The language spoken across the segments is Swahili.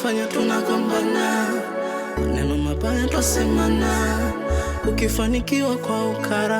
Fanya tunagombana, maneno mabaya twasemana, ukifanikiwa kwa ukara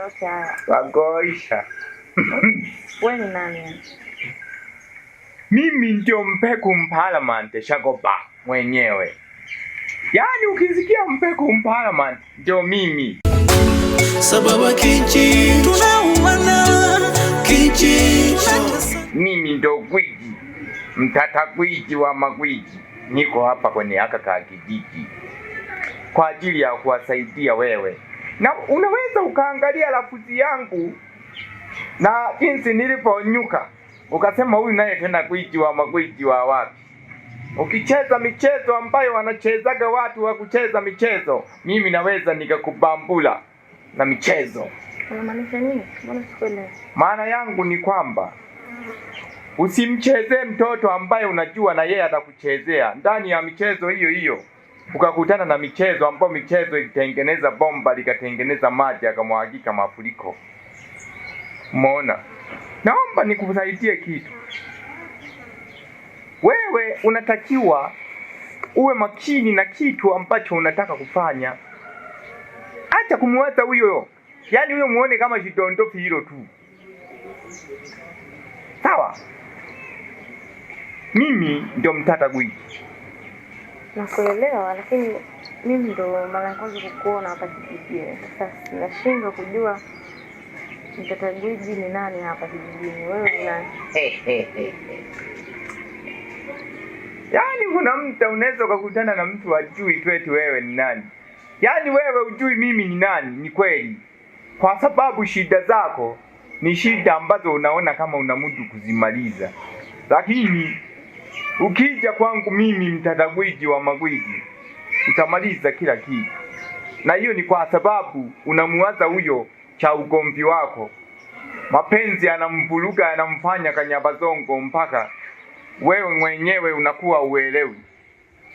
yote haya wagoisha. Wewe ni nani? Mimi ndio Mpeku mparlament Shagoba mwenyewe, yaani ukisikia Mpeku mparlament ndio mimi. Sababu Kinchi tunaumana Kinchi, mimi ndio gwiji, mtata gwiji wa magwiji, niko hapa kwenye aka kijiji kwa ajili ya kuwasaidia wewe na unaweza ukaangalia lafuzi yangu na jinsi nilivyonyuka, ukasema huyu naye tena magwiji wa watu Ukicheza michezo ambayo wanachezaga watu wa kucheza michezo, mimi naweza nikakubambula na michezo. Maana yangu ni kwamba usimchezee mtoto ambaye unajua na yeye atakuchezea ndani ya michezo hiyo hiyo ukakutana na michezo ambayo michezo ilitengeneza bomba likatengeneza maji akamwagika mafuriko. Umeona? Naomba nikusaidie kitu. Wewe unatakiwa uwe makini na kitu ambacho unataka kufanya. Acha kumwaza huyo, yaani huyo muone kama shidondofi hilo tu, sawa? Mimi ndio mtata gwiji nakuelewa, lakini mimi ndo mara ya kwanza kukuona hapa kijijini. Sasa nashindwa kujua mtatagwiji ni nani hapa kijijini. Wewe ni nani? Yaani kuna mtu unaweza ukakutana na mtu ajui tu eti wewe ni nani? Yaani wewe ujui mimi ni nani? Ni kweli, kwa sababu shida zako ni shida ambazo unaona kama una mudu kuzimaliza, lakini Ukija kwangu mimi mtadagwiji wa magwiji, utamaliza kila kitu, na hiyo ni kwa sababu unamuwaza huyo cha ugomvi wako. Mapenzi yanamvuruga, yanamfanya kanyabazongo mpaka wewe mwenyewe unakuwa uelewi.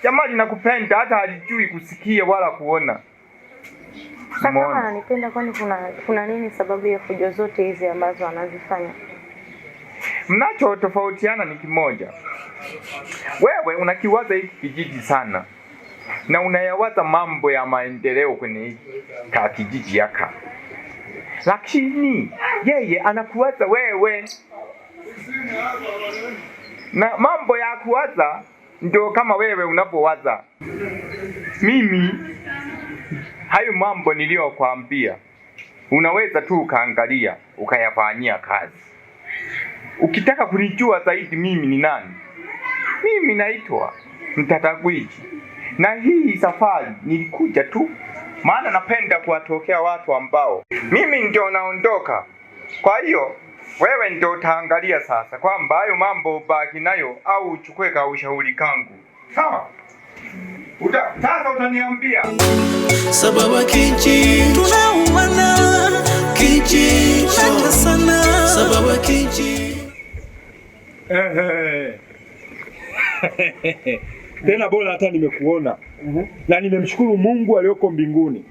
Jamali nakupenda, hata halijui kusikia wala kuona. Sasa kama ananipenda, kwani kuna kuna nini sababu ya fujo zote hizi ambazo anazifanya? mnacho tofautiana ni kimoja. Wewe unakiwaza hiki kijiji sana na unayawaza mambo ya maendeleo kwenye ka kijiji yaka, lakini yeye anakuwaza wewe, na mambo ya kuwaza ndio kama wewe unapowaza. Mimi hayo mambo niliyokwambia, unaweza tu ukaangalia ukayafanyia kazi. Ukitaka kunijua zaidi mimi ni nani mimi naitwa Mtatagwiji, na hii safari nilikuja tu, maana napenda kuwatokea watu ambao mimi ndio naondoka. Kwa hiyo wewe ndio utaangalia sasa kwamba hayo mambo baki nayo au uchukue ka ushauri kangu, sawa? Uta, sasa utaniambia sababu kichi tunaumana kichi sana sababu kichi ehe tena bora hata nimekuona na nimemshukuru Mungu aliyoko mbinguni.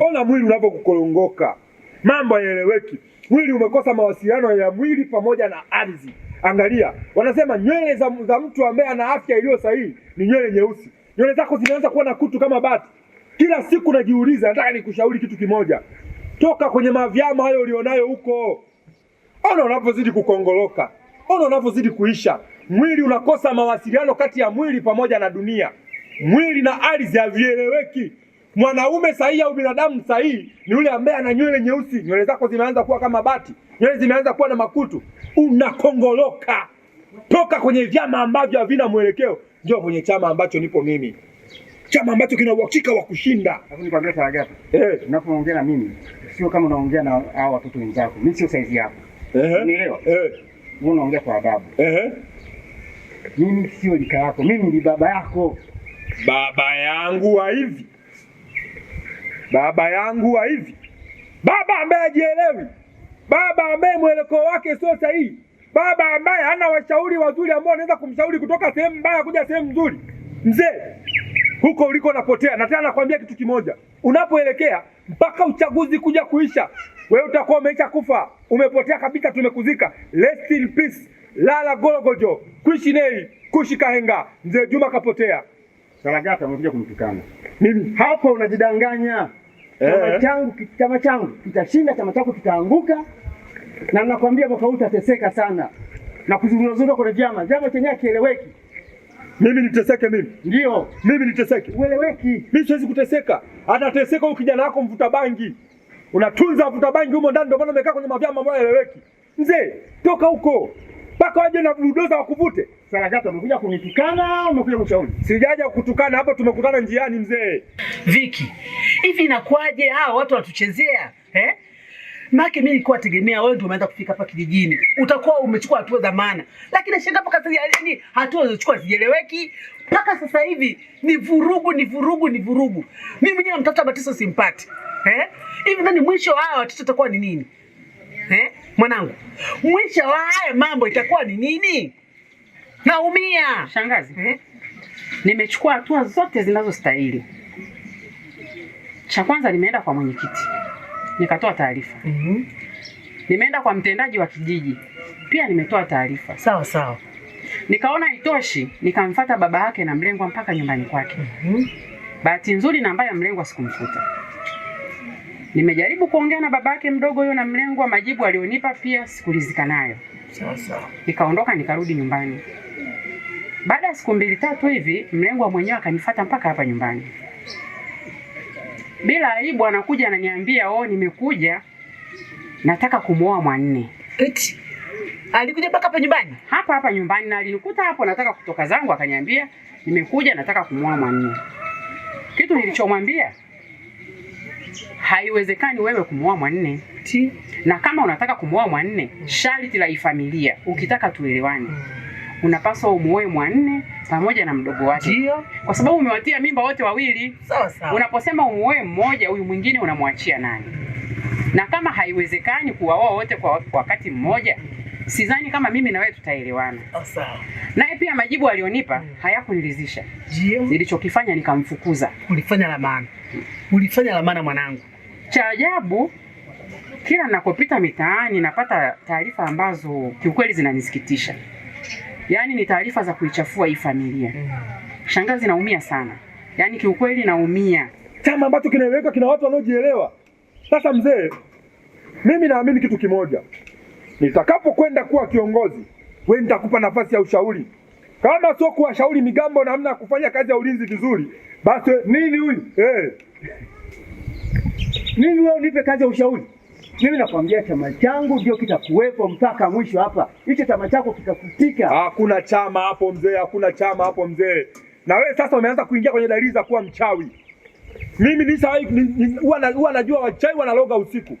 Ona mwili unavyokukorongoka, mambo yaeleweki, Mwili umekosa mawasiliano ya mwili pamoja na ardhi. Angalia, wanasema nywele za, za mtu ambaye ana afya iliyo sahihi ni nywele nyeusi. Nywele zako zinaanza kuwa na kutu kama bati. Kila siku najiuliza, nataka nikushauri kitu kimoja, toka kwenye mavyama hayo ulionayo huko. Ona unavyozidi kukongoloka, ona unavyozidi kuisha. Mwili unakosa mawasiliano kati ya mwili pamoja na dunia, mwili na ardhi havieleweki. Mwanaume sahihi au binadamu sahihi ni yule ambaye ana nywele nyeusi, nywele zako zimeanza kuwa kama bati, nywele zimeanza kuwa na makutu, unakongoloka. Toka kwenye vyama ambavyo havina mwelekeo, njoo kwenye chama ambacho nipo mimi, chama ambacho kina uhakika wa kushinda. Lakini nikwambia Saragata, eh, unapoongea na mimi sio kama unaongea na hao watoto wenzako. Mimi sio saizi yako, unielewa? Eh, unaongea kwa adabu. Eh mimi sio lika yako, mimi ni baba yako. Baba yangu wa hivi, baba yangu wa hivi, baba ambaye hajielewi, baba ambaye mwelekeo wake sio sahihi, baba ambaye hana washauri wazuri ambao anaweza kumshauri kutoka sehemu mbaya kuja sehemu nzuri. Mzee, huko uliko unapotea, na tena nakwambia kitu kimoja, unapoelekea mpaka uchaguzi kuja kuisha, wewe utakuwa umeisha kufa, umepotea kabisa, tumekuzika. Rest in peace lala gorogojo nei kuishi kahenga mzee Juma kapotea. Saragata amekuja kumtukana mimi hapo, unajidanganya eh. chama changu chama changu kitashinda, chama chako kitaanguka, na nakwambia mwaka huu utateseka sana na kuzurunazurua kwenye vyama, jambo chenyewe kieleweki. Mimi niteseke? Mimi ndio mimi niteseke? Ueleweki? Mimi siwezi kuteseka. Atateseka huyu kijana wako mvuta bangi, unatunza mvuta bangi humo ndani, ndio maana umekaa kwenye mavyama ambayo eleweki. Mzee toka huko mpaka waje na bulldoza wakuvute. Sarakata, umekuja kunitukana, umekuja kushauri? Sijaja kukutukana, hapo tumekutana njiani mzee. Viki, hivi inakuwaje hawa watu watuchezea eh? Maki mimi nilikuwa tegemea wewe ndio umeanza kufika hapa kijijini. Utakuwa umechukua hatua za maana. Lakini shanga mpaka sasa yani hatua ulizochukua sieleweki. Mpaka sasa hivi ni vurugu, ni vurugu, ni vurugu. Mimi mwenyewe mtoto wa Batiso simpati. Eh? Hivi nani mwisho hawa watoto watakuwa ni nini? eh? Mwanangu, mwisho wa haya mambo itakuwa ni nini? Naumia shangazi eh? Nimechukua hatua zote zinazostahili. Cha kwanza nimeenda kwa mwenyekiti nikatoa taarifa mm -hmm. Nimeenda kwa mtendaji wa kijiji pia nimetoa taarifa sawa sawa. Nikaona itoshi, nikamfata baba yake na mlengwa mpaka nyumbani kwake mm -hmm. Bahati nzuri na ya mlengwa sikumfuta Nimejaribu kuongea na babake mdogo huyo na mlengwa, majibu alionipa pia sikulizika nayo. Sasa nikaondoka nikarudi nyumbani. Baada ya siku mbili tatu hivi mlengwa mwenyewe akanifuata mpaka hapa nyumbani, bila aibu, anakuja ananiambia, oh, nimekuja nataka kumwoa mwanne. Eti alikuja mpaka hapa nyumbani, hapa hapa nyumbani, na alinikuta hapo nataka kutoka zangu, akaniambia nimekuja nataka kumwoa mwanne. Kitu nilichomwambia haiwezekani wewe kumuoa mwanne ti, na kama unataka kumwoa mwanne sharti la ifamilia, ukitaka tuelewane, unapaswa umuoe mwanne pamoja na mdogo wake, kwa sababu umewatia mimba wote wawili. Sawa sawa. Unaposema umuoe mmoja, huyu mwingine unamwachia nani? Na kama haiwezekani kuwaoa wote kwa wakati mmoja, sidhani kama mimi na wewe tutaelewana. Sawa. Naye pia majibu alionipa mm. hayakuniridhisha. Ndio nilichokifanya nikamfukuza. Ulifanya la maana ulifanya la maana mwanangu. Cha ajabu kila ninakopita mitaani napata taarifa ambazo kiukweli zinanisikitisha, yaani ni taarifa za kuichafua hii familia. Mm. Shangazi, naumia sana, yaani kiukweli naumia. Chama ambacho kinaeleweka kina watu wanaojielewa. Sasa mzee, mimi naamini kitu kimoja, nitakapokwenda kuwa kiongozi, we nitakupa nafasi ya ushauri. Kama sio kuwashauri migambo namna ya kufanya kazi ya ulinzi vizuri, basi nini huyu eh. Mimi wewe unipe kazi ya ushauri? Mimi nakwambia chama changu ndio kitakuwepo mpaka mwisho hapa. Hicho chama chako kitakufika. Hakuna chama hapo mzee, hakuna chama hapo mzee. Na wewe sasa umeanza kuingia kwenye dalili za kuwa mchawi. Mimi ni nishawahi huwa najua wachawi wanaloga usiku.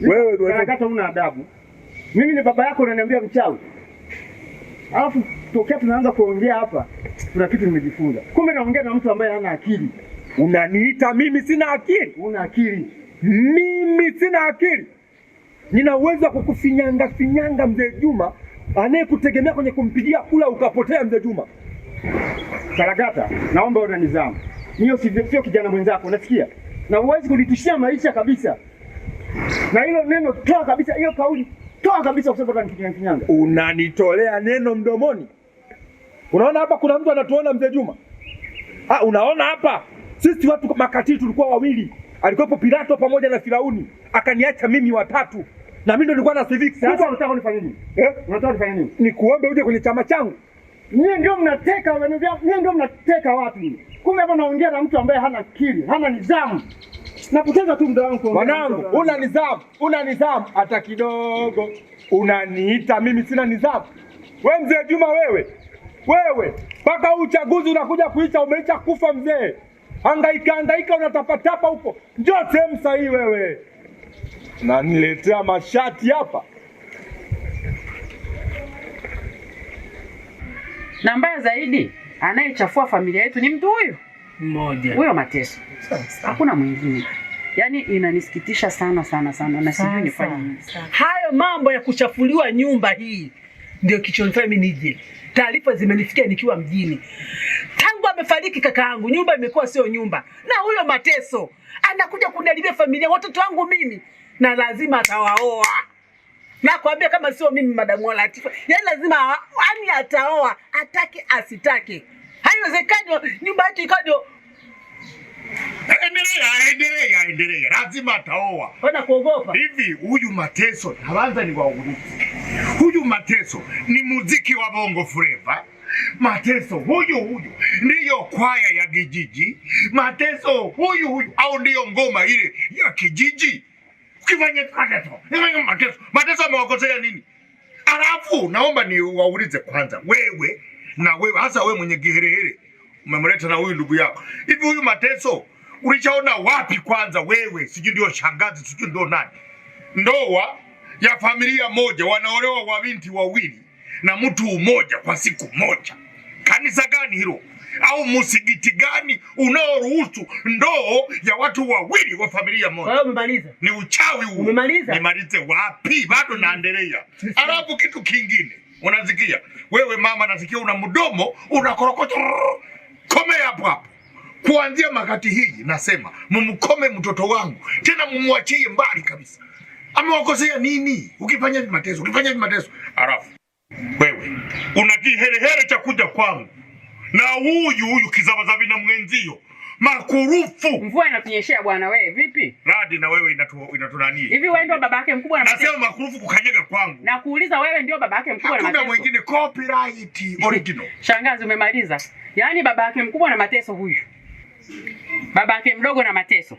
Wewe ndio unakata, una adabu. Mimi ni baba yako unaniambia mchawi. Alafu tokea tunaanza kuongea hapa, kuna kitu nimejifunza. Kumbe naongea na mtu ambaye hana akili. Unaniita mimi sina akili? Una akili? Mimi sina akili, nina uwezo wa kukufinyanga finyanga mzee Juma anayekutegemea kwenye kumpigia kula ukapotea. Mzee Juma Saragata, naomba nizamu hiyo sio kijana mwenzako, unasikia? Na huwezi kunitishia maisha kabisa, na hilo neno toa kabisa, hiyo kauli toa kabisa, kusema finyanga. Unanitolea neno mdomoni? Unaona hapa kuna mtu anatuona mzee Juma? Ah, unaona hapa sisi watu makatili tulikuwa wawili, alikuwepo Pilato pamoja na Firauni, akaniacha mimi watatu, na mimi ndo nilikuwa na civics. Sasa unataka nifanye nini? Eh, unataka nifanye nini? Nikuombe uje kwenye chama changu? Nyie ndio mnateka, nyie ndio mnateka watu. Kumbe hapo naongea na mtu ambaye hana akili, hana nidhamu. Napoteza tu muda wangu. Mwanangu, una nidhamu, una nidhamu hata kidogo. Unaniita mimi sina nidhamu? We mzee Juma, wewe wewe, mpaka huu uchaguzi unakuja kuita, umeita kufa mzee angaika angaika unatapatapa huko, njoo sehemu sahihi wewe. Na niletea mashati hapa. Na mbaya zaidi, anayechafua familia yetu ni mtu huyu mmoja, huyo Mateso, hakuna mwingine. Yaani inanisikitisha sana sana sana, na sijui nifanye nini. Hayo mambo ya kuchafuliwa nyumba hii ndio kichonifanya mimi nije Taarifa zimenifikia nikiwa mjini. Tangu amefariki kaka yangu, nyumba imekuwa sio nyumba, na huyo mateso anakuja kuniharibia familia, watoto wangu mimi, na lazima atawaoa. Nakwambia kama sio mimi, madamu wa Latifa, yaani lazima ani ataoa, atake asitake. Haiwezekani nyumba yetu ikadio. Endelea, endelea, endelea, lazima ataoa. Wana kuogopa hivi, huyu mateso tawanza ni waugulufu Huyu Mateso ni muziki wa Bongo Flava. Mateso huyu huyu ndiyo kwaya ya kijiji. Mateso huyu huyu au ndiyo ngoma ile ya kijiji. Ukifanya Mateso, Mateso, Mateso amewakosea nini? Alafu naomba ni waulize kwanza, wewe na wewe hasa wewe mwenye kiherehere umemleta na huyu ndugu yako hivi, huyu Mateso ulichaona wapi kwanza? Wewe sijui ndio shangazi, sijui ndio nani, ndoa ya familia moja wanaolewa wa binti wawili na mtu mmoja kwa siku moja. Kanisa gani hilo? Au msikiti gani unaoruhusu ndoo ya watu wawili wa familia moja? Kwa hiyo Umemaliza. Ni uchawi huu. Umemaliza. Nimalize wapi? Bado naendelea. Alafu kitu kingine unasikia wewe mama, nasikia una mdomo unakorokota. Kome hapo hapo. Kuanzia makati hii nasema mumkome mtoto wangu, tena mumwachie mbali kabisa amewakosea nini? Ukifanya hivi mateso, ukifanya hivi mateso, alafu wewe una kiherehere cha kuja kwangu na huyu huyu kizavazavi na mwenzio makurufu. Mvua inatunyeshea bwana, wewe vipi? Radi na wewe inatu inatunani hivi? Wewe ndio baba yake mkubwa na mateso. Nasema makurufu kukanyaga kwangu, na kuuliza wewe ndio baba yake mkubwa na mateso. Hakuna mwingine, copyright original. Shangazi, umemaliza? Yaani baba yake mkubwa na mateso huyu, baba yake mdogo na mateso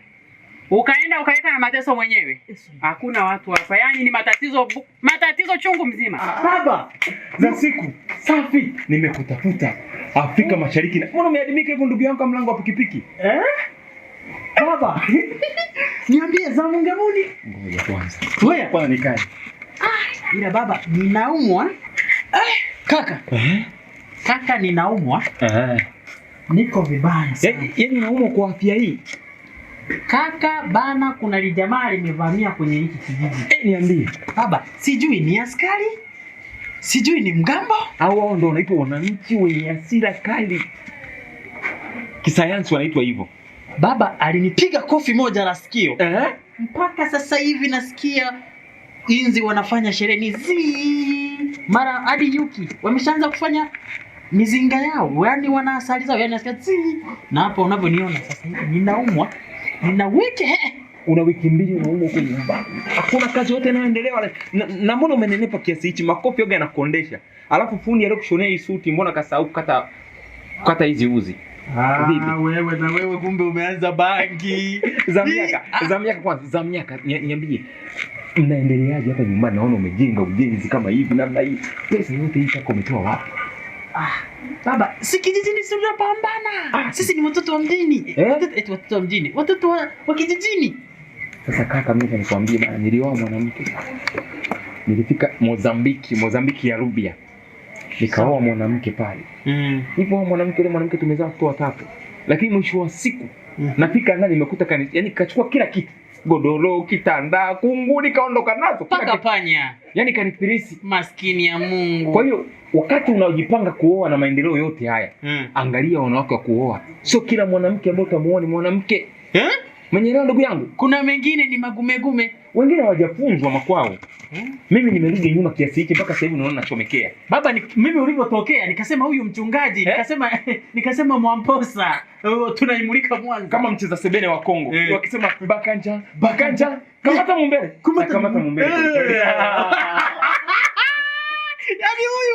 ukaenda ukaweka na mateso mwenyewe. Hakuna watu hapa, yaani ni matatizo matatizo chungu mzima. Baba ah, za siku safi, nimekutafuta Afrika Mashariki na mbona umeadimika hivyo, ndugu yangu, mlango wa pikipiki eh? Baba niambie za mungamuni. Ngoja kwanza, wewe kwanza nikae. Ah, ila baba ninaumwa eh, kaka eh, kaka ninaumwa eh, niko vibaya eh, sana eh, yaani naumwa kwa afya hii Kaka bana, kuna lijamaa limevamia kwenye hiki kijiji. Eh, niambie baba, sijui ni askari sijui ni mgambo au wao ndio wanaitwa wananchi wenye hasira kali, kisayansi wanaitwa hivyo. Baba alinipiga kofi moja la sikio eh? Mpaka sasa hivi nasikia inzi wanafanya sherehe ni zi mara hadi yuki wameshaanza kufanya mizinga yao, yani wana asali zao, yani nasikia zi, na hapa unavyoniona sasa hivi ninaumwa nina wiki he, eh, eh. una wiki mbili unauma huko nyumba, hakuna kazi yote inayoendelea na, na mbona umenenepa kiasi hichi? Makofi yoga yanakondesha, alafu fundi aliyokushonea hii suti mbona kasahau kukata kukata hizi uzi? Ah, wewe na wewe kumbe umeanza bangi za miaka za miaka kwanza za miaka niambie mnaendeleaje hapa nyumbani? Naona umejenga ujenzi kama hivi namna hii, pesa yote hii yako umetoa wapi? Ah, baba, si kijijini si unapambana. Ah, sisi ni watoto wa mjini. Eh? Watoto, eti watoto wa mjini. Watoto wa, wa kijijini. Sasa kaka, mimi nikwambie bana, nilioa mwanamke. Nilifika Mozambiki, Mozambiki ya Rubia. Nikaoa mwanamke pale. Mm. Hivyo mwanamke yule mwanamke tumezaa watoto watatu. Lakini mwisho wa siku mm. nafika ndani nimekuta kani, yani kachukua kila kitu godoro, kitanda, kungu nikaondoka nazo paka panya, yani kanipirisi, maskini ya Mungu. Kwa hiyo wakati unajipanga kuoa na maendeleo yote haya hmm, angalia wanawake wa kuoa. Sio kila mwanamke ambaye utamuoa ni mwanamke eh? Mwenyelewa ndugu yangu, kuna mengine ni magumegume, wengine hawajafunzwa makwao hmm. Mimi nimerudi nyuma kiasi hiki mpaka sasa hivi naona nachomekea baba ni, mimi ulivyotokea nikasema huyu mchungaji eh? Nikasema nikasema Mwamposa uh, tunaimulika Mwanza kama mcheza sebene wa Kongo eh. Wakisema bakanja bakanja eh. kamata mumbele kamata mumbere. yaani huyu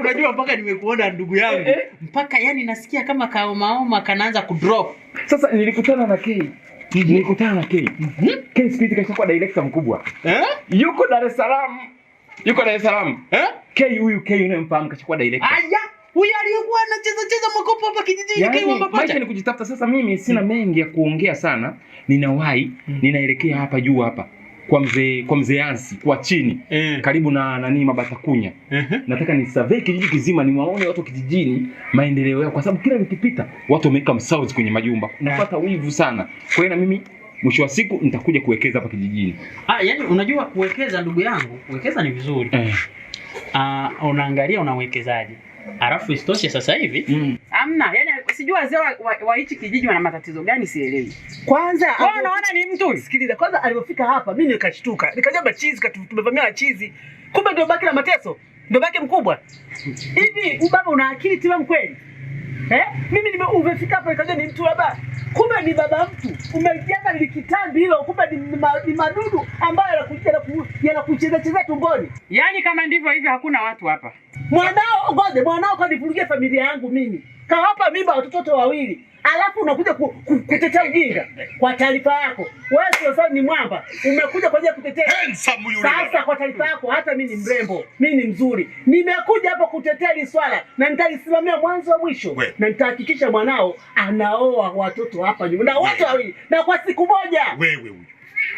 unajua mpaka nimekuona ndugu yangu eh. mpaka yani nasikia kama kaomaoma kanaanza kudrop. Sasa nilikutana na Kei mhm. nilikutana na Kei Kei siku hizi kashakuwa director mkubwa eh? yuko Dar es Salaam yuko Dar es Salaam eh? Kei huyu Kei unayemfahamu kashakuwa director. Aya, huyu aliyekuwa anacheza cheza makopo hapa kijijini yani, Kei wa mapacha Maisha ni kujitafuta. Sasa mimi sina mm. mengi ya kuongea sana, ninawahi mm. ninaelekea hapa juu hapa kwa mzee kwa Ansi kwa chini eh, karibu na nani Mabatakunya eh, nataka ni survey kijiji kizima, ni waone watu kijijini maendeleo yao, kwa sababu kila nikipita watu wameweka msauzi kwenye majumba, eh. napata wivu sana. Kwa hiyo na mimi mwisho wa siku nitakuja kuwekeza hapa kijijini. Ah, yani unajua kuwekeza, ndugu yangu, kuwekeza ni vizuri eh. Ah, unaangalia unawekezaje, alafu isitoshe sasa hivi mm, amna yani sijui wazee wa hichi wa, wa kijiji wana matatizo gani sielewi. Kwanza kwa wewe naona ni mtu. Sikiliza, kwanza alipofika hapa mimi nikashtuka. Nikajua bachizi tumevamia na chizi. Kumbe ndio baki la mateso. Ndio baki mkubwa. Hivi ubaba una akili timamu mkweli? Eh? Mimi nimeuvefika hapa nikajua ni mtu labda. Kumbe ni baba mtu. Umejenga likitambi hilo kumbe ni ni ma, madudu ambayo yanakuja yanakucheza cheza tumboni. Yaani kama ndivyo hivyo hakuna watu hapa. Mwanao ngoje, mwanao kanivurugia familia yangu mimi kawapa mimba watoto wawili, alafu unakuja kutetea ujinga. Kwa taarifa yako wewe, sio sawa, ni mwamba, umekuja kwa ajili ya kutetea. Sasa kwa taarifa yako, hata mimi ni mrembo, mimi ni mzuri, nimekuja hapa kutetea hili swala na nitalisimamia mwanzo wa mwisho, na nitahakikisha mwanao anaoa watoto hapa na wote wawili, na kwa siku moja. Wewe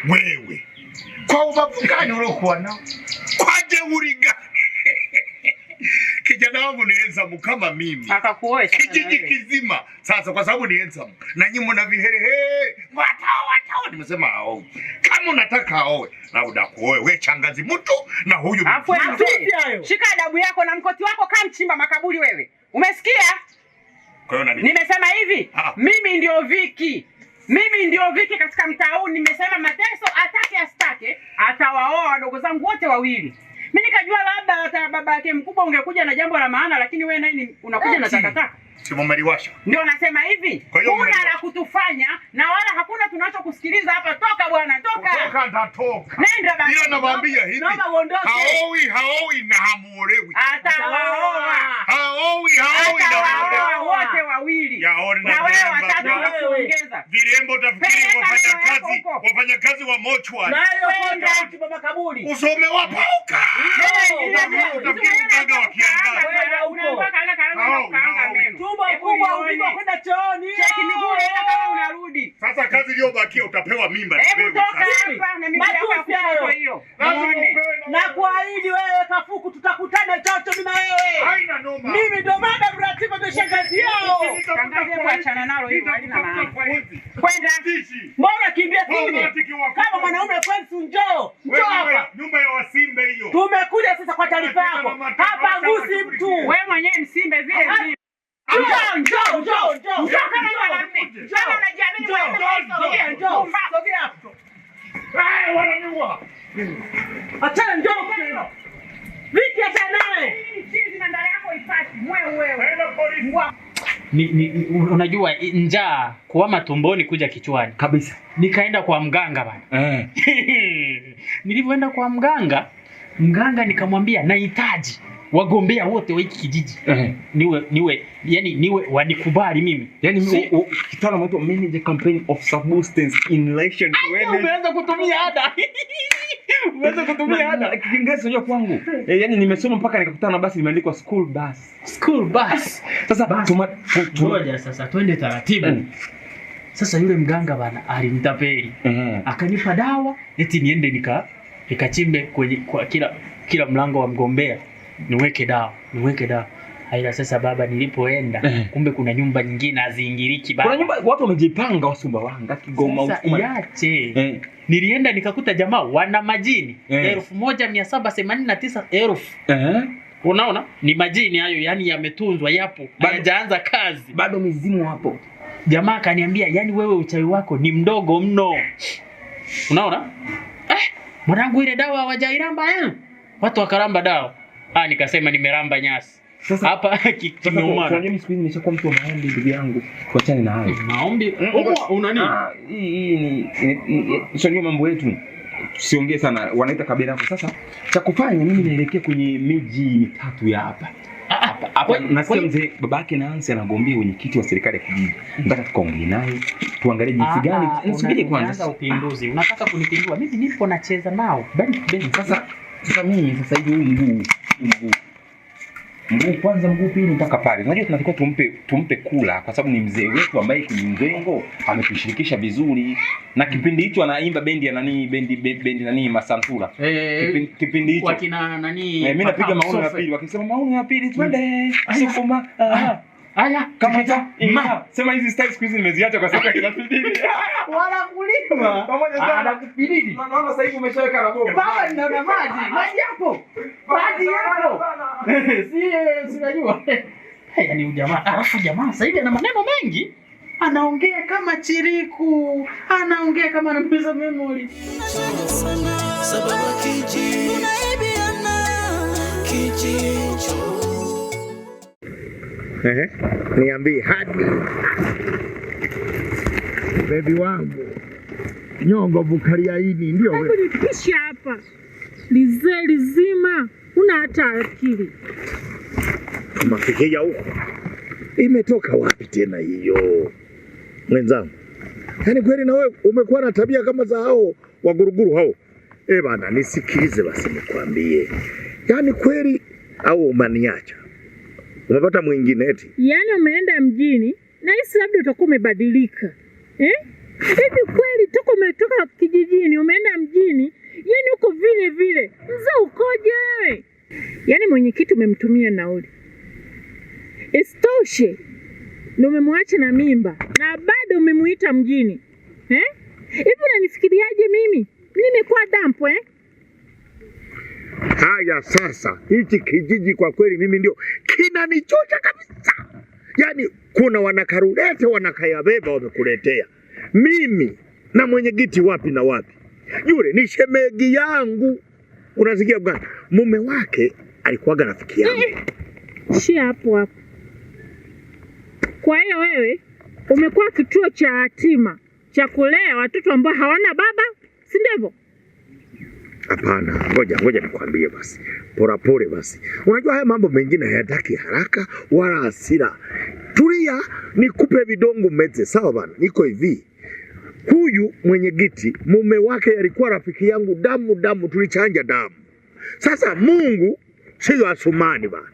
wewe, kwa ubavu gani uliokuwa nao? Kwa jeuri gani? kijana wangu ni handsome kama mimi, akakuoesha kijiji kizima. Sasa kwa sababu ni handsome na nyinyi mna vihere viherehe watao watao, nimesema aoe. Kama unataka aoe, labda kuoe wewe changazi mtu na huyu mtu. Shika adabu yako na mkoti wako, kama mchimba makaburi wewe, umesikia? Kwa hiyo nimesema hivi ha. Ah. Mimi ndio Viki mimi ndio Viki katika mtaa huu. Nimesema mateso atake astake atawaoa wadogo zangu wote wawili. Mimi nikajua labda hata baba yake mkubwa ungekuja na jambo la maana, lakini wewe nani unakuja na eh, takataka. Simumeliwasha. Ndio nasema hivi. Kuna la kutufanya na wala hakuna tunachokusikiliza hapa. Toka bwana, toka mpaka atatoka. Nenda basi. Ila nawaambia hivi, Naomba uondoke. haowi haowi na hamuolewi, atawaoa haowi haowi na hamuolewi wote wawili, na wewe watatu unaongeza virembo, tafikiri wafanyakazi kazi wa mochwa. Na kwenda kwa mochwari usome wapauka utafikiri wa kiangazi. Sasa kazi iliyobakia utapewa mimba. Hebu toka na kuahidi wewe Kafuku, tutakutana Chato mimi na wewe. Mimi ndo maana mratibu ndo shangazi yao. Mbona kimbia kama mwanaume kwetu? Njoo njoo hapa, tumekuja sasa kwa taarifa yako. Hapa gusi mtu wewe mwenyewe msimbe vile vile. Njoo njoo njoo njoo. Achana njoo kwenu. Vipi hata nawe? Chizi na ndala yako ipati mwe wewe. Ni, ni, unajua njaa kuwama tumboni kuja kichwani kabisa. Nikaenda kwa mganga bana. Eh. Nilivyoenda kwa mganga, mganga nikamwambia nahitaji wagombea wote wa hiki kijiji eh, niwe niwe yani niwe wanikubali mimi yani si, kitana mtu manager campaign of substance in relation to women. Umeanza kutumia ada Unaweza kutumia ada. Kiingereza unajua kwangu. Eh, yani nimesoma mpaka nikakutana basi imeandikwa school bus. School bus. Sasa tumoja sasa twende taratibu. Eh. Sasa yule mganga bana alinitapeli. Eh. Akanipa dawa eti niende nika nikachimbe kwenye kwa kila kila mlango wa mgombea niweke dawa, niweke dawa. Haila sasa baba, nilipoenda eh. kumbe kuna nyumba nyingine haziingiriki baba. Kuna nyumba watu wamejipanga Wasumbawanga, Kigoma huko. Iache. Eh. Nilienda nikakuta jamaa wana majini eh. elfu moja mia saba themanini na tisa elfu eh. Unaona, ni majini hayo, yani yametunzwa, yapo, hayajaanza kazi bado, mizimu hapo. Jamaa akaniambia, yani wewe uchawi wako ni mdogo mno. Unaona eh, mwanangu, ile dawa wajairamba, eh. Watu wakaramba dawa. Ah, nikasema nimeramba nyasi hapa kimeuma. Kwa nini siku hizi nimeshakuwa mtu wa maombi ndugu yangu? Tuachane na hayo. Eh, maombi eh, eh, una nini? Ah, hii ni sio mambo yetu. Siongee sana, wanaita kabila yako. Sasa cha kufanya mimi naelekea kwenye miji mitatu ya hapa hapa nasikia mzee babake na Hansi anagombea kwenye kiti wa serikali ya kijiji. Nataka tukaongee naye tuangalie jinsi gani. Nisubiri kwanza. sasa Upinduzi unataka kunipindua mimi, nipo nacheza nao. bali. Sasa sasa mimi sasa hivi huu mguu mguu mguu kwanza, mguu pili, mpaka pale. Unajua tunatakiwa tumpe tumpe kula, kwa sababu ni mzee wetu ambaye kwenye mzengo ametushirikisha vizuri, na kipindi hicho anaimba bendi ya nani, bendi bendi, nani, Masantura hey, eh, eh, eh, kipindi, kipindi hicho wakina nani, mimi napiga maono ya pili, wakisema maono ya pili twende mm. sukuma Aya, ma sema hizi style siku hizi nimeziacha kwa sababu fidili. Wala kulima. Pamoja ah, sana ana Naona sasa hivi umeshaweka na bomba. Baba maji. Maji hapo. Maji hapo. Si si ujamaa, alafu jamaa sasa hivi ana maneno mengi. Anaongea kama chiriku. Anaongea kama anapisa memory. Sababu niambi niambie hadi bebi wangu nyongo bukariaini, ndio wewe nipisha hapa lizee lizima, una hata akili mafikia huko. Imetoka wapi tena hiyo mwenzangu? Yaani kweli na wewe umekuwa na tabia kama za hao waguruguru hao. Eh bana, nisikilize basi nikwambie, yaani kweli au umaniacha Umepata mwingine eti? Yaani umeenda mjini na hisi labda utakuwa umebadilika eh? Hivi kweli toka umetoka kijijini umeenda mjini, yaani uko vile vile, mzee ukoje wewe? Yaani mwenyekiti umemtumia nauli, isitoshe ndio umemwacha na mimba na bado umemuita mjini eh? hivi eh? Unanifikiriaje mimi? Nimekuwa dampo eh? Haya, sasa hichi kijiji kwa kweli mimi ndio kinanichocha kabisa. Yaani kuna wanakarulete wanakayabeba wamekuletea mimi na mwenyekiti wapi na wapi, yule ni shemegi yangu, unasikia bwana, mume wake alikuwaga rafiki yangu eh, Shia hapo hapo. Kwa hiyo wewe umekuwa kituo cha hatima cha kulea watoto ambao hawana baba, si ndivyo? Hapana, ngoja ngoja nikwambie basi, pole basi. Unajua haya mambo mengine hayataki haraka wala hasira. Tulia, nikupe vidongo meze. Sawa bana, niko hivi. Huyu mwenyekiti mume wake alikuwa rafiki yangu damu damu, tulichanja damu. Sasa Mungu sio asumani bana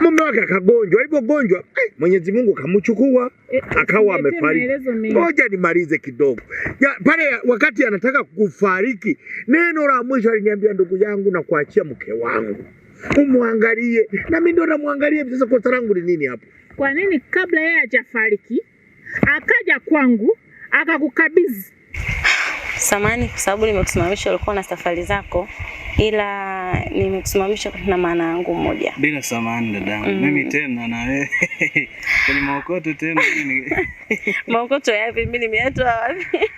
mume wake akagonjwa. Alipogonjwa eh, Mwenyezi Mungu kamchukua eh, akawa amefariki. Ngoja nimalize kidogo ya, pale wakati anataka kufariki, neno la mwisho aliniambia, ndugu yangu, na kuachia mke wangu umwangalie, na mimi ndio namwangalia sasa. Kosa langu ni nini hapo? Kwa nini kabla yeye hajafariki akaja kwangu akakukabidhi Samani kwa sababu nimekusimamisha, ulikuwa na safari zako, ila nimekusimamisha na maana yangu moja. Bila samani dadangu, mm. Mimi tena na wewe kwenye maokoto tena maokoto yapi? Mimi nimeatoa wapi?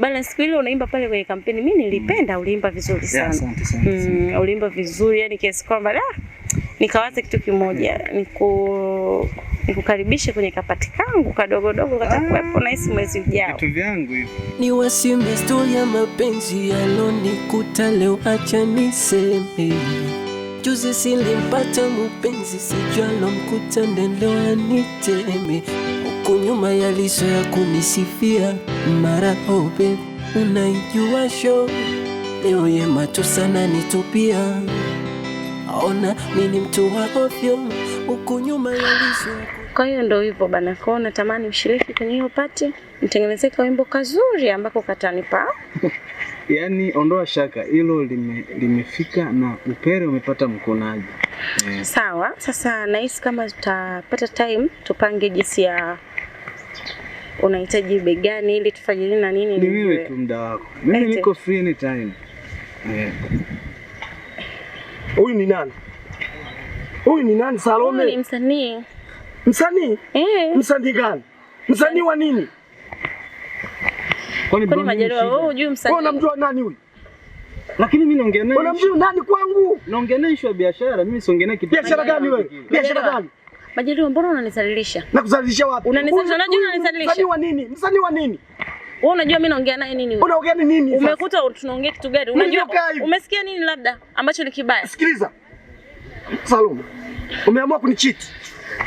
Bana, siku ile unaimba pale kwenye kampeni, mimi nilipenda, uliimba vizuri sana. Yeah, asante sana. Mm, uliimba vizuri yani kiasi kwamba ah nikawaza kitu kimoja, niku nikukaribishe kwenye kapati kangu kadogodogo katakuwepo ah. na hisi mwezi ujao. Vitu vyangu hivi ni wasimbe stori ya mapenzi yalonikuta leo, acha niseme juzi silimpata mupenzi sijalo mkuta ndendo aniteme huku nyuma yaliso ya kunisifia mara obe unaijua show leo yema tu sana nitupia Ona mimi mtu wa ovyo huku nyuma ya lizo. Kwa hiyo ndio hivyo bana, kwa natamani ushiriki kwenye hiyo pati, nitengenezee ka wimbo kazuri ambako katanipa Yaani ondoa shaka hilo lime, limefika na upere umepata mkonaji yeah. Sawa, sasa nahisi kama tutapata time tupange jinsi ya unahitaji begani ili tufanye nini na nini. Ni wewe tu muda wako, mimi niko free anytime eh. Huyu ni nani? Huyu ni nani Salome? Huyu ni msanii. Msanii? Eh. Msanii gani? Msanii wa nini? Kwani Kwani Majaliwa wewe unajua msanii? Wewe unamjua nani huyu? Lakini mimi naongea naye. Unamjua nani kwangu? Naongea naye issue ya biashara. Mimi siongea naye kitu. Biashara gani wewe? Biashara gani? Majaliwa mbona unanisalilisha? Nakusalilisha wapi? Unanisalilisha, unajua unanisalilisha. Msanii wa nini? Msanii wa nini? Wewe unajua mimi naongea naye nini? Unaongea ni nini? Umekuta tunaongea kitu gani? Unajua umesikia nini labda ambacho ni kibaya? Sikiliza. Salome. Umeamua kunichiti.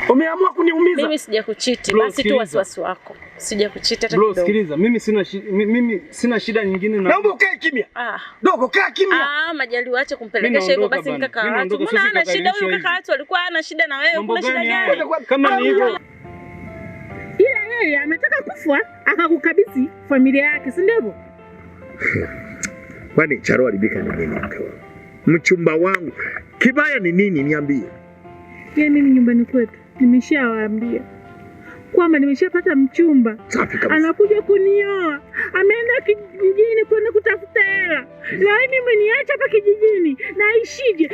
Umeamua kuniumiza. Mimi sija sijakuchiti, basi tu wasiwasi wako. Sija Sijakuchiti hata kidogo. Bro, sikiliza, mimi sina mimi sina shida nyingine na Naomba ukae kimya. Ah. Dogo, kaa kimya. Ah, majali waache kumpelekesha hivyo basi ni watu. Mbona ana shida huyu kaka watu alikuwa ana shida na wewe? Kuna shida gani? Kama ni hivyo yeye ametaka kufa akakukabidhi familia yake, si ndivyo? Hmm. Kwani charo alibika ni nini mke wangu? Mchumba wangu. Kibaya ni nini niambie? Ye, mimi nyumbani kwetu nimeshawaambia kwamba nimeshapata mchumba anakuja kunioa, ameenda kijijini kwenda kutafuta hela, hmm. na mimi meniacha hapa kijijini, naishije?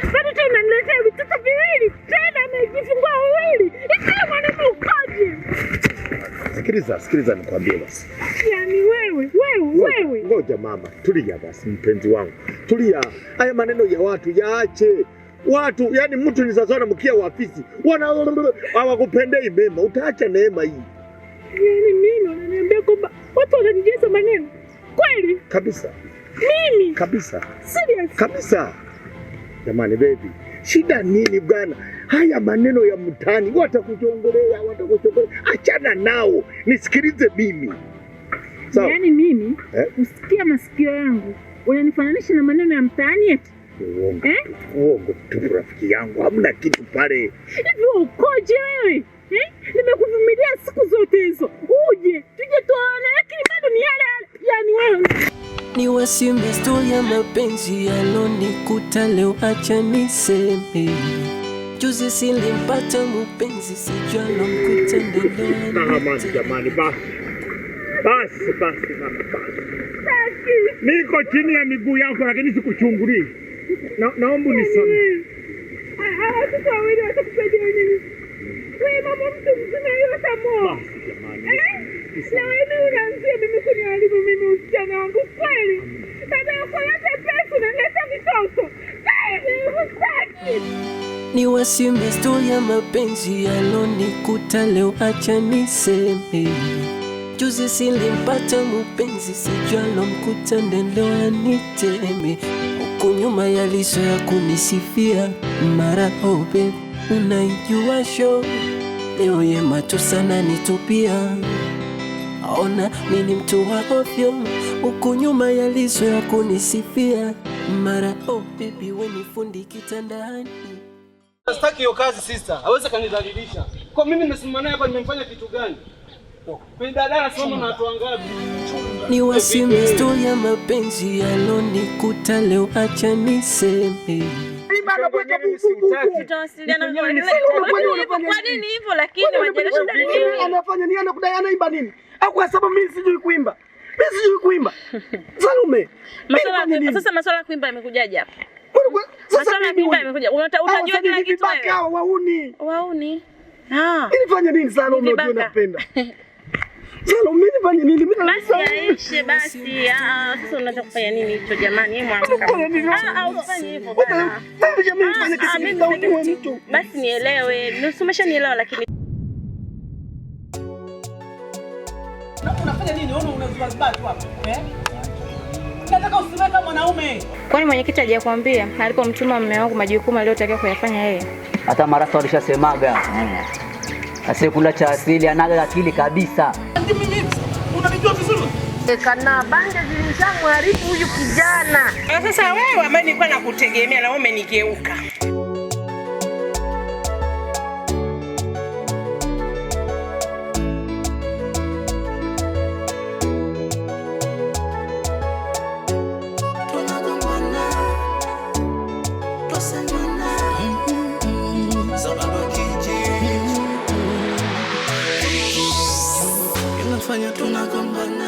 Sikiliza nikwambie basi. Yaani wewe, wewe, wewe. Ngoja mama, tulia basi mpenzi wangu. Tulia. Haya maneno ya watu yaache. Watu, yani mtu ni sasa na mkia wa afisi. Wana hawakupendei mema. Utaacha neema hii. Yaani mimi unaniambia kwamba watu wananijaza maneno. Kweli? Kabisa. Mimi? Kabisa. Serious? Kabisa. Jamani baby. Shida nini bwana? Haya maneno ya mtani, watakuchongolea watakuchongolea, achana nao, nisikilize mimi. Sawa. Yaani mimi eh? Usikia masikio yangu unanifananisha na maneno ya mtani eti? Uongo eh? Uongo tu rafiki yangu, hamna kitu pale. Hivi ukoje wewe? Eh? Nimekuvumilia siku zote hizo, uje tuje tuone, lakini bado ni yale yale ni wasi mistu ya mapenzi yalonikuta leo, acha niseme juzi silimpata mupenzi sijalo mkuta ndani. Jamani, basi basi basi, basi. niko chini ya miguu yako, lakini sikuchungulii. Naomba nisome Nawe unaambia mimi kuniharibu mimi usichana wangu kweli? pesa unaleta ni wasimbe ya mapenzi yalonikuta leo, acha niseme juzi silimpata mupenzi, mkuta ndendo aniteme huku nyuma yaliso ya kunisifia mara obe unaijua sho leo ye tu sana nitupia ona mini mtu wa ovyo, huku nyuma ya lizo ya kunisifia mara. Oh baby, we ni fundi kitandani. Sitaki hiyo kazi sister, hawezi kanidhalilisha. Kwa mimi nimesimama naye hapa, nimemfanya kitu gani? Ni wasimisto ya mapenzi yalonikuta leo, acha niseme Kwa nini? Anakudai anaiba nini? au ah, kwa sababu mimi sijui kuimba? Mimi sijui kuimba. Salume. Maswala sasa masuala ya kuimba yamekujaje hapa? Masuala mimi kuimba yamekuja. Unatajua ah, kila kitu wewe. Vibaka wauni. Wauni. Ah. ah. Ili fanye nini Salume unajua unapenda? Salume mimi nifanye nini? Mimi basi yaishe basi. Ah, sasa unataka kufanya nini hicho jamani? Yeye mwanamke. Ah, au fanye hivyo bana. Mimi fanya kitu. Basi nielewe. Nimesomesha nielewa lakini nini? Unaona unazubazubaa tu hapo. Eh? Nataka usimame kama mwanaume. Kwani mwenyekiti hajakwambia alipomtuma mume wangu majukumu aliyotakiwa kuyafanya yeye? Hata marasa walishasemaga. Hmm. kula cha asili anaga akili kabisa. Mimi unanijua vizuri. Kana bande zilishamharibu huyu kijana. Eh, sasa wewe ambaye nilikuwa nakutegemea na wewe umenigeuka. kufanya tunakambana